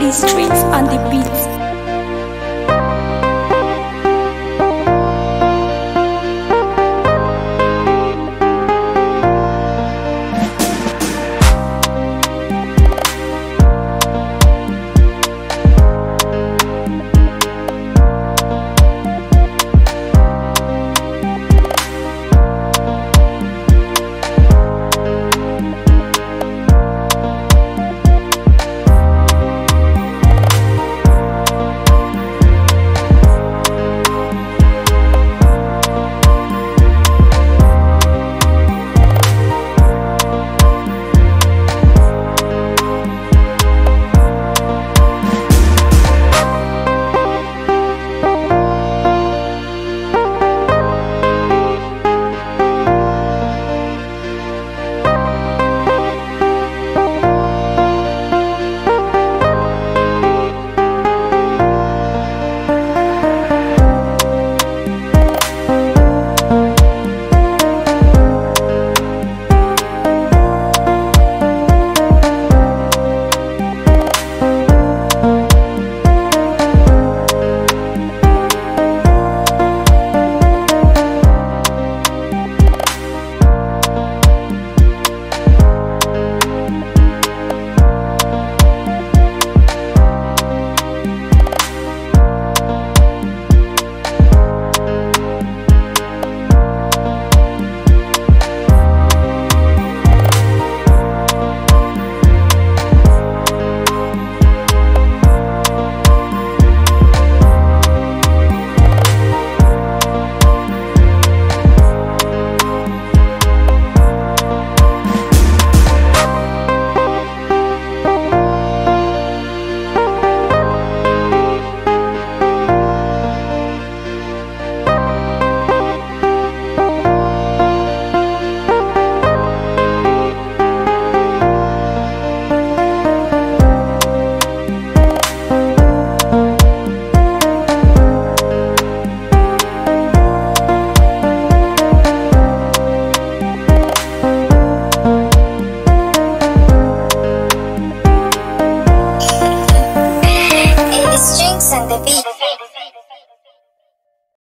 The streets on the beat.